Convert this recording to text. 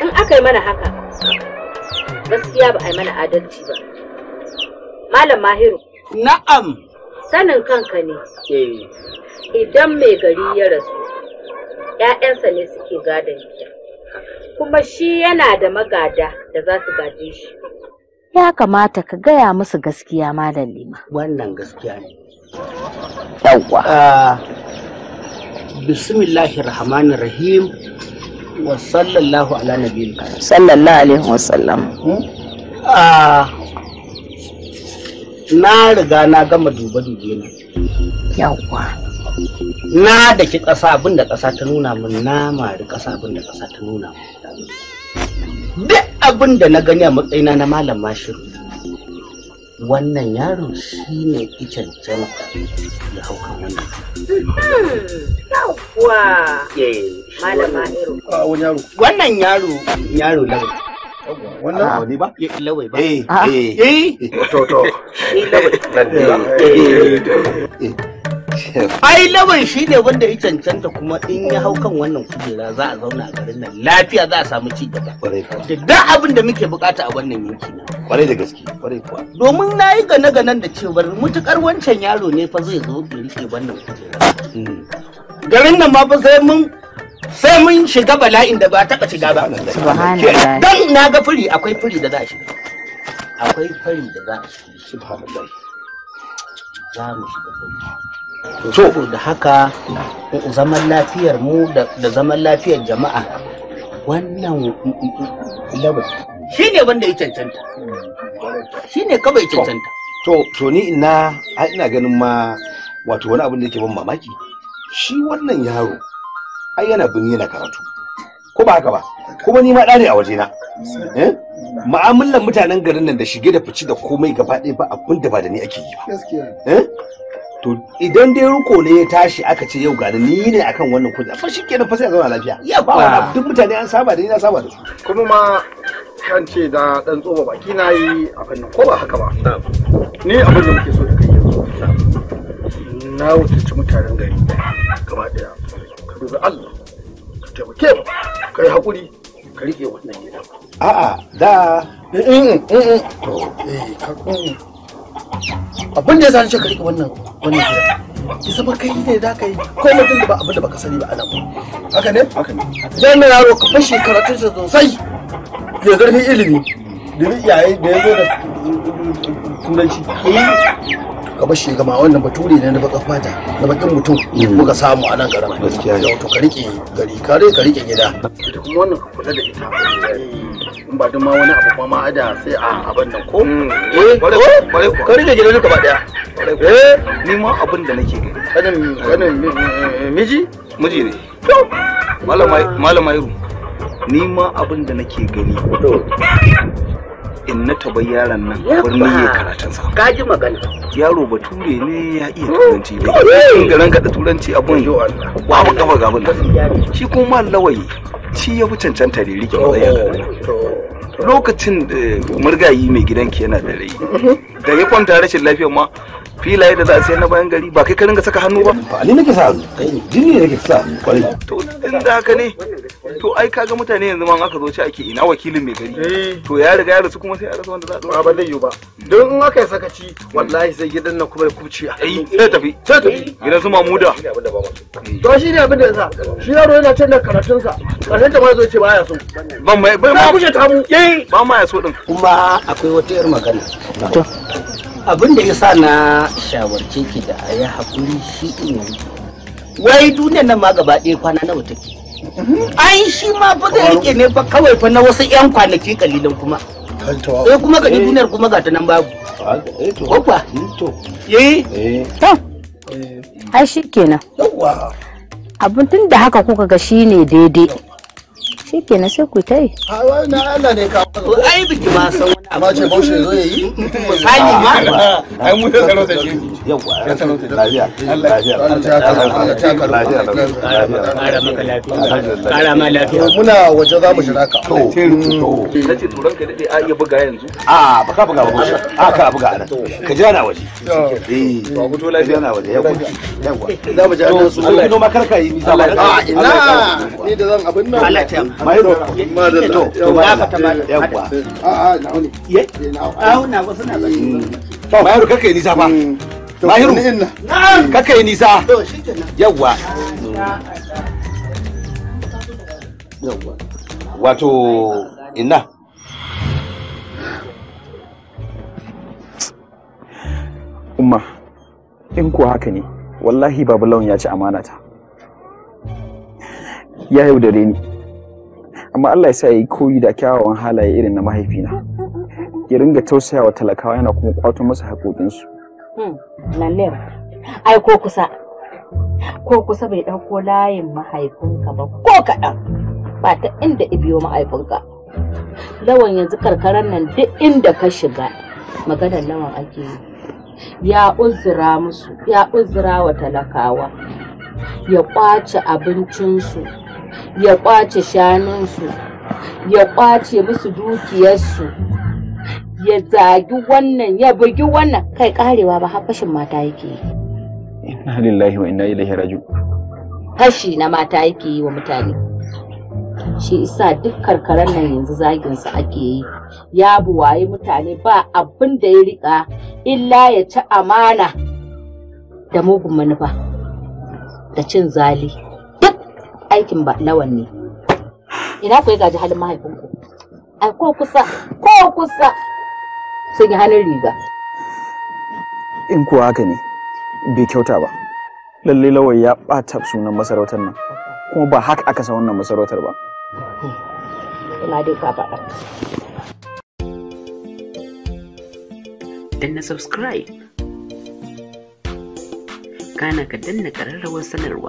In aka yi mana haka, gaskiya ba a yi mana adalci ba. Malam Mahiru. Na'am. Sanin kanka ne. Eh. Idan mai gari ya rasu, ‘ya'yansa ne suke gadon gida. Kuma shi yana da magada da za su gaje shi. Ya kamata ka gaya musu gaskiya Malam Lima. Wannan gaskiya ne. Yawwa. Ah, bismillahirrahmanirrahim. ala wa hmm? ah, na riga na gama duba dube na yawwa na da ƙasa abin da ƙasa ta nuna min na mari duk abin da na gani a matsayina na malam mashiru wannan yaro shi ne icen jana ya hau wannan ah, wannan yaro yaro lawai wannan ah. wani ba ya lawai ba eh, ah. eh eh to to eh, lawai ai lawan shi ne wanda ya cancanta kuma in ya hau kan wannan kujera za a zauna a garin nan lafiya za a samu ci gaba da duk abin da muke bukata a wannan yanki na kwarai da gaske kwarai kuwa domin na yi gane ganen da cewar mutukar wancan yaro ne fa zai zo ya rike wannan kujera hmm. garin nan ma fa sai mun sai mun shiga bala'in da ba taɓa shiga ba dan na ga furi akwai furi da za a shiga akwai fari da za a shiga subhanallah za mu shiga fari to da haka zaman lafiyar mu da zaman lafiyar jama'a wannan labar. shi ne wanda ya cancanta shi ne kawai cancanta to to ni ina ina ganin ma wato wani abin da yake ban mamaki shi wannan yaro ai yana bin yana karatu ko ba haka ba kuma ni ma ɗa ne a wajena eh? ma'amalan mutanen garin nan da shige da fici da komai gaba ɗaya ba abin da ba da ni ake yi ba to idan dai ruko ne ya tashi aka ce yau gani ni ne akan wannan kudi fa shikenan fa sai a zauna lafiya ya ba wa duk mutane an saba da ni na saba da su kuma ma kan ce da dan tsoma baki na yi a fannin ko ba haka ba ni abin da muke so da kai yanzu na wuce mutanen gari gaba daya ka dubi Allah ka taimake mu kai hakuri ka rike wannan gidan a'a da in in in to eh ka abin da ya sani shekaru ka wannan wannan hira zama kai ne za ka yi ko mutum da ba abin da baka sani ba a haka ne haka ne yaro ka fashe karatun sa sosai ya zarfi ilimi domin iyaye da ya zo da turanci ka bar shi gama wannan bature ne na baka fata na bakin mutum mm. muka samu a nan garin gaskiya ya to ka rike gari ka rike ka rike gida ita kuma wannan ka kula da ita in ba duk ma wani abu ma ma sai a abin nan ko mm. eh ka rike gidan ka ba daya eh ni ma abin da nake gani kanin miji miji ne malama malama ni ma abin da nake gani in na taba yaron nan birni ya karatun sa ka ji magana yaro bature ne ya iya oh, turanci ba. in garan da turanci abun yo Allah wa mu kafa gaban nan shi kuma lawaye shi ya fi cancanta da rike oh, matsayi a oh, lokacin da murgayi mai gidanki yana da rai mm-hmm. da ya kwanta rashin lafiyar ma filaye da za a sayar na bayan gari ba kai ka ringa saka hannu ba ni nake sa hannu jini nake sa hannu kwarai to in da haka ne to ai kaga mutane yanzu ma aka zo ci ake ina wakilin mai gari eh. to ya riga ya rasu kuma sai ya rasu wanda za a dora ba zai yi ba don in aka yi sakaci wallahi sai gidan nan kuma ya kubce ai sai tafi sai tafi gidan su mamuda to shi ne abin da sa shi yaro yana can da karatunsa karshen ta ma zo ce ba ya so ban mai ba ma kushe ta mu ba ma ya so din kuma akwai wata yar magana abin da ya sa na shawarce ki da a yi haƙuri shi ne wai duniyar nan ma gaba ɗaya kwana nawa take ai shi ma fa zai rike ne fa kawai fa na wasu 'yan kwanaki kalilan kuma eh kuma gani duniyar kuma ga ta nan babu eh, kwakwa eh, eh. eh to ai shi kenan abin tun da haka kuka ga shi ne daidai shi kenan sai ku ta yi to ai biki ma san wani abu ce zo yayi ma ai lafiya lafiya kara ma lafiya muna waje za mu to kace turan ka dade a iya buga yanzu a baka buga ba a ka buga anan ka jira waje eh ba ku to lafiya na waje eh, yawa za mu jira su Allah no makarka yi nisa ba a ina ni da zan abin nan Allah ya ma da eh, to na yawwa eh, mm. kake nisa fa mahiru kake nisa yawwa wato inna umma in kuwa haka ne wallahi babu lawan ya ci amana ta ya yaudare ni amma Allah ya sa ya yi koyi da kyawawan halaye irin na mahaifina ya ringa tausayawa talakawa yana kuma kwato masa haƙoƙinsu. Hmm, lalle, ai ko kusa, ko kusa bai ɗauko layin mahaifinka ba ko kaɗan ba ta inda ibiyo mahaifinka. Lawan yanzu karkarar nan duk inda ka shiga maganar lawan ake yi. Ya uzura musu, ya uzura wa talakawa, ya ƙwace abincinsu, ya ƙwace shanunsu ya ƙwace musu dukiyarsu ya zagi wannan ya bugi wannan kai karewa ba har fashin mata yake yi inna lillahi wa inna ilaihi raji'un fashi na mata yake yi wa mutane shi isa duk karkaran nan yanzu zagin su ake yi ya buwaye mutane ba abin da ya rika illa ya ci amana da mugun manufa da cin zali aikin ba lawan ne ina ku gaji halin mahaifinku ai ko kusa ko kusa sun yi hannun riga in kuwa haka ne bai kyauta ba lalle lawai ya ɓata sunan masarautar nan kuma ba haka aka san wannan masarautar ba ina dai ka faɗa danna subscribe kana ka danna ƙararrawar sanarwa